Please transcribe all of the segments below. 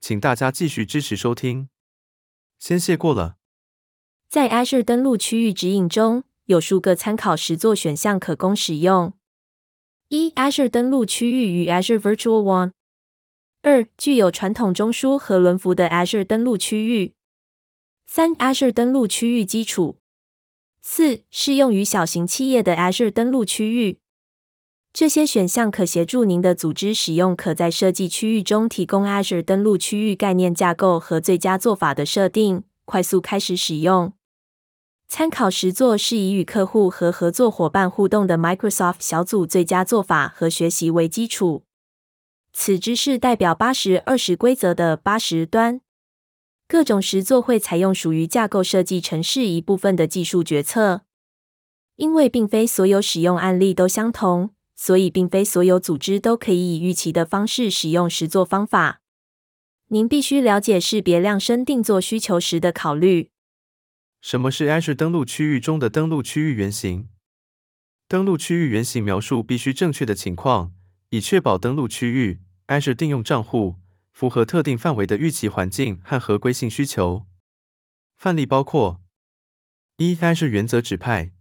請大家繼續支持收聽，先謝過了。在 Azure 登陸區域指引中有數個參考實作選項可供使用：一、Azure 登陸區域與 Azure Virtual WAN；二、具有傳統中樞和輪輻的 Azure 登陸區域；三、Azure 登陸區域基礎；四、適用於小型企業的 Azure 登陸區域。這些選項可協助您的組織使用可在設計區域中提供 Azure 登陸區域概念架構和最佳做法的設定，快速開始使用。參考實作是以與客戶和合作夥伴互動的 Microsoft 小組最佳做法和學習為基礎。此知識代表八十二十規則的八十端。各種實作會採用屬於架構設計程式一部分的技術決策，因為並非所有使用案例都相同。所以，並非所有組織都可以以預期的方式使用實作方法。您必須了解識別量身訂做需求時的考慮。什麼是 Azure 登陸區域中的登陸區域原型？登陸區域原型描述必須正確的情況，以確保登陸區域 Azure 訂用帳戶符合特定範圍的預期環境和合規性需求。範例包括：一 Azure 原則指派；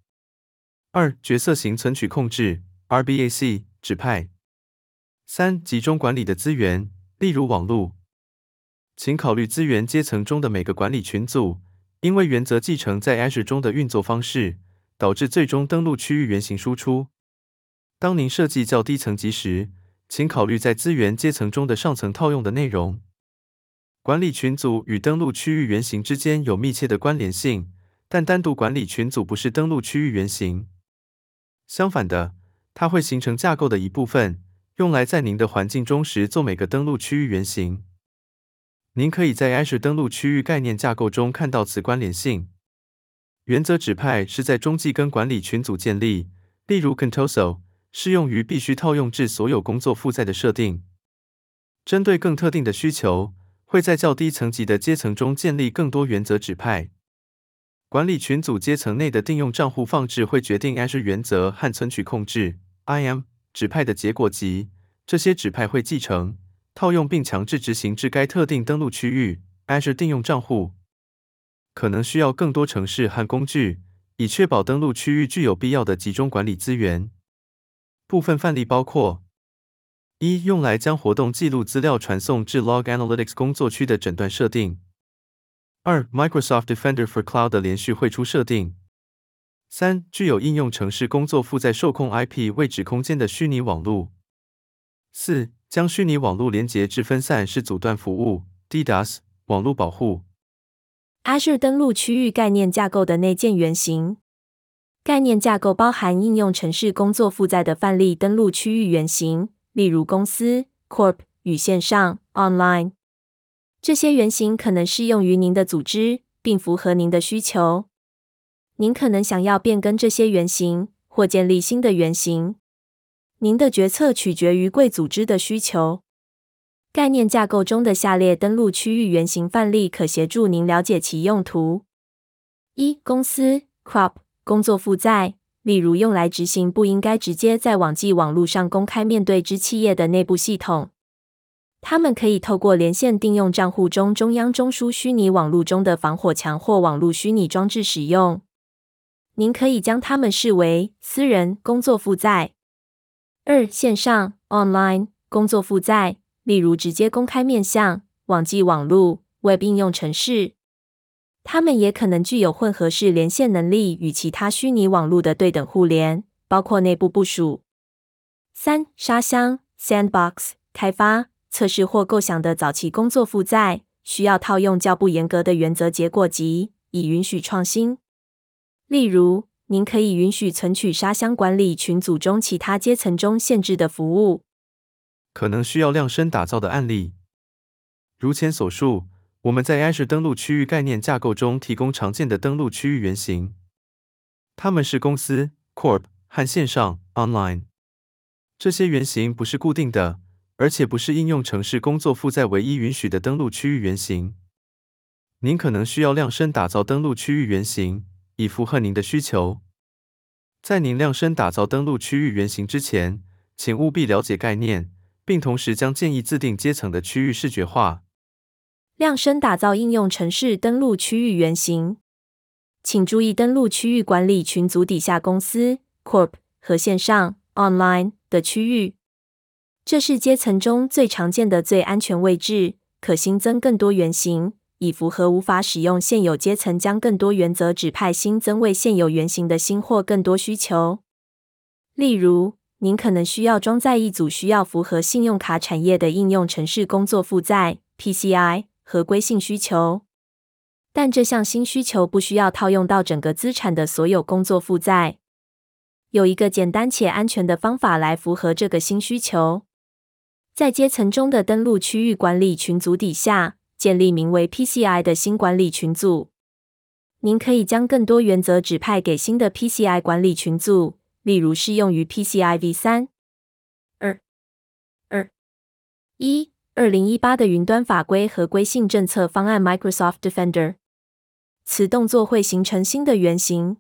二角色型存取控制。RBAC 指派，三、集中管理的資源，例如網絡，請考慮資源階層中的每個管理群組，因為原則繼承在 Azure 中的運作方式，導致最終登錄區域原型輸出。當您設計較低層級時，請考慮在資源階層中的上層套用的內容。管理群組與登錄區域原型之間有密切的關聯性，但單獨管理群組不是登錄區域原型。相反的。它會形成架構的一部分，用來在您的環境中時做每個登錄區域原型。您可以在 Azure 登錄區域概念架構中看到此關聯性。原則指派是在中繼跟管理群組建立，例如 Contoso 適用於必須套用至所有工作負載的設定。針對更特定的需求，會在較低層級的階層中建立更多原則指派。管理群組階層內的定用賬戶放置會決定 Azure 原則和存取控制。IAM 指派的結果集，這些指派會繼承、套用並強制執行至該特定登陸區域 Azure 定用賬戶。可能需要更多程式和工具，以確保登陸區域具有必要的集中管理資源。部分範例包括：一、用來將活動記錄資料傳送至 Log Analytics 工作區的診斷設定；二、Microsoft Defender for Cloud 的連續匯出設定。三、具有應用程式工作負載受控 IP 位置空間的虛擬網絡。四、將虛擬網絡連接至分散式阻斷服務 （DDoS） 網絡保護。Azure 登陸區域概念架構的內建原型。概念架構包含應用程式工作負載的範例登陸區域原型，例如公司 （Corp） 與線上 （Online）。這些原型可能適用於您的組織，並符合您的需求。您可能想要變更這些原型，或建立新的原型。您的決策取決於貴組織的需求。概念架構中的下列登陸區域原型範例可協助您了解其用途：一、公司 Corp 工作負載，例如用來執行不應該直接在網際網絡上公開面對之企業的內部系統。他們可以透過連線訂用賬戶中中央中樞虛擬網絡中的防火牆或網絡虛擬裝置使用。您可以將它們視為私人工作負載。二、線上 （online） 工作負載，例如直接公開面向網際網絡 web 應用程式。它們也可能具有混合式連線能力與其他虛擬網絡的對等互聯，包括內部部署。三、沙箱 （sandbox） 開發、測試或構想的早期工作負載，需要套用較不嚴格的原則結果集，以允許創新。例如，您可以允許存取沙箱管理群組中其他階層中限制的服務。可能需要量身打造的案例，如前所述，我們在 Azure 登錄區域概念架構中提供常見的登錄區域原型，它們是公司 （Corp） 和線上 （Online）。這些原型不是固定的，而且不是應用程式工作負載唯一允許的登錄區域原型。您可能需要量身打造登錄區域原型。以符合您的需求。在您量身打造登陸區域原型之前，請務必了解概念，並同時將建議自定階層的區域視覺化。量身打造應用程式登陸區域原型，請注意登陸區域管理群組底下公司 （Corp） 和線上 （Online） 的區域，這是階層中最常見的最安全位置，可新增更多原型。以符合無法使用現有階層，將更多原則指派新增為現有原型的新或更多需求。例如，您可能需要裝載一組需要符合信用卡產業的應用程式工作負載 （PCI 合規性需求），但這項新需求不需要套用到整個資產的所有工作負載。有一個簡單且安全的方法來符合這個新需求，在階層中的登陸區域管理群組底下。建立名為 PCI 的新管理群組。您可以將更多原則指派給新的 PCI 管理群組，例如適用於 PCI v 三二二一二零一八的雲端法規合規性政策方案 Microsoft Defender。此動作會形成新的原型。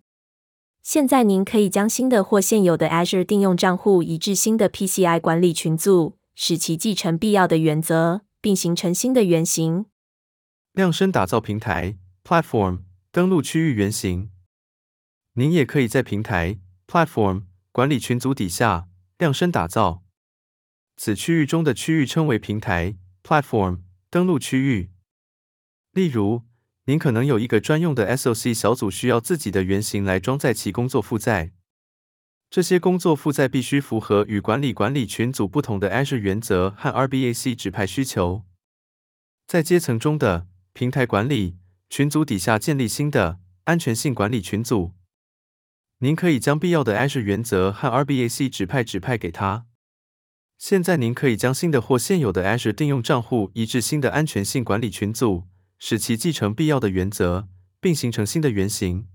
現在您可以將新的或現有的 Azure 訂用帳戶移至新的 PCI 管理群組，使其繼承必要的原則。並形成新的原型。量身打造平台 （platform） 登錄區域原型。您也可以在平台 （platform） 管理群組底下量身打造。此區域中的區域稱為平台 （platform） 登錄區域。例如，您可能有一個專用的 SOC 小組，需要自己的原型來裝載其工作負載。這些工作負載必須符合與管理管理群組不同的 Azure 原則和 RBAC 指派需求。在階層中的平台管理群組底下建立新的安全性管理群組，您可以將必要的 Azure 原則和 RBAC 指派指派給它。現在，您可以將新的或現有的 Azure 訂用帳戶移至新的安全性管理群組，使其繼承必要的原則，並形成新的原型。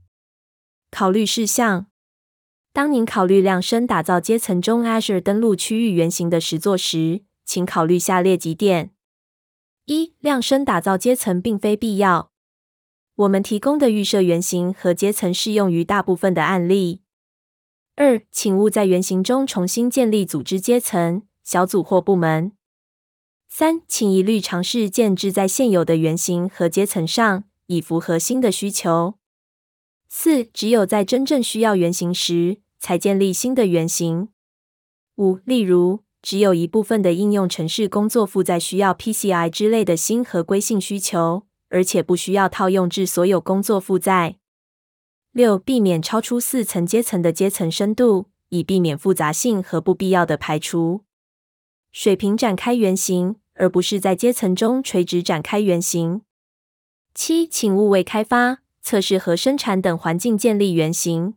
考慮事項。當您考慮量身打造階層中 Azure 登陸區域原型的實作時，請考慮下列幾點：一、量身打造階層並非必要，我們提供的預設原型和階層適用於大部分的案例。二、請勿在原型中重新建立組織階層、小組或部門。三、請一律嘗試建置在現有的原型和階層上，以符合新的需求。四、只有在真正需要原型時。才建立新的原型。五、例如，只有一部分的應用程式工作負載需要 PCI 之類的新合規性需求，而且不需要套用至所有工作負載。六、避免超出四層階層的階層深度，以避免複雜性和不必要的排除。水平展開原型，而不是在階層中垂直展開原型。七、請勿為開發、測試和生產等環境建立原型。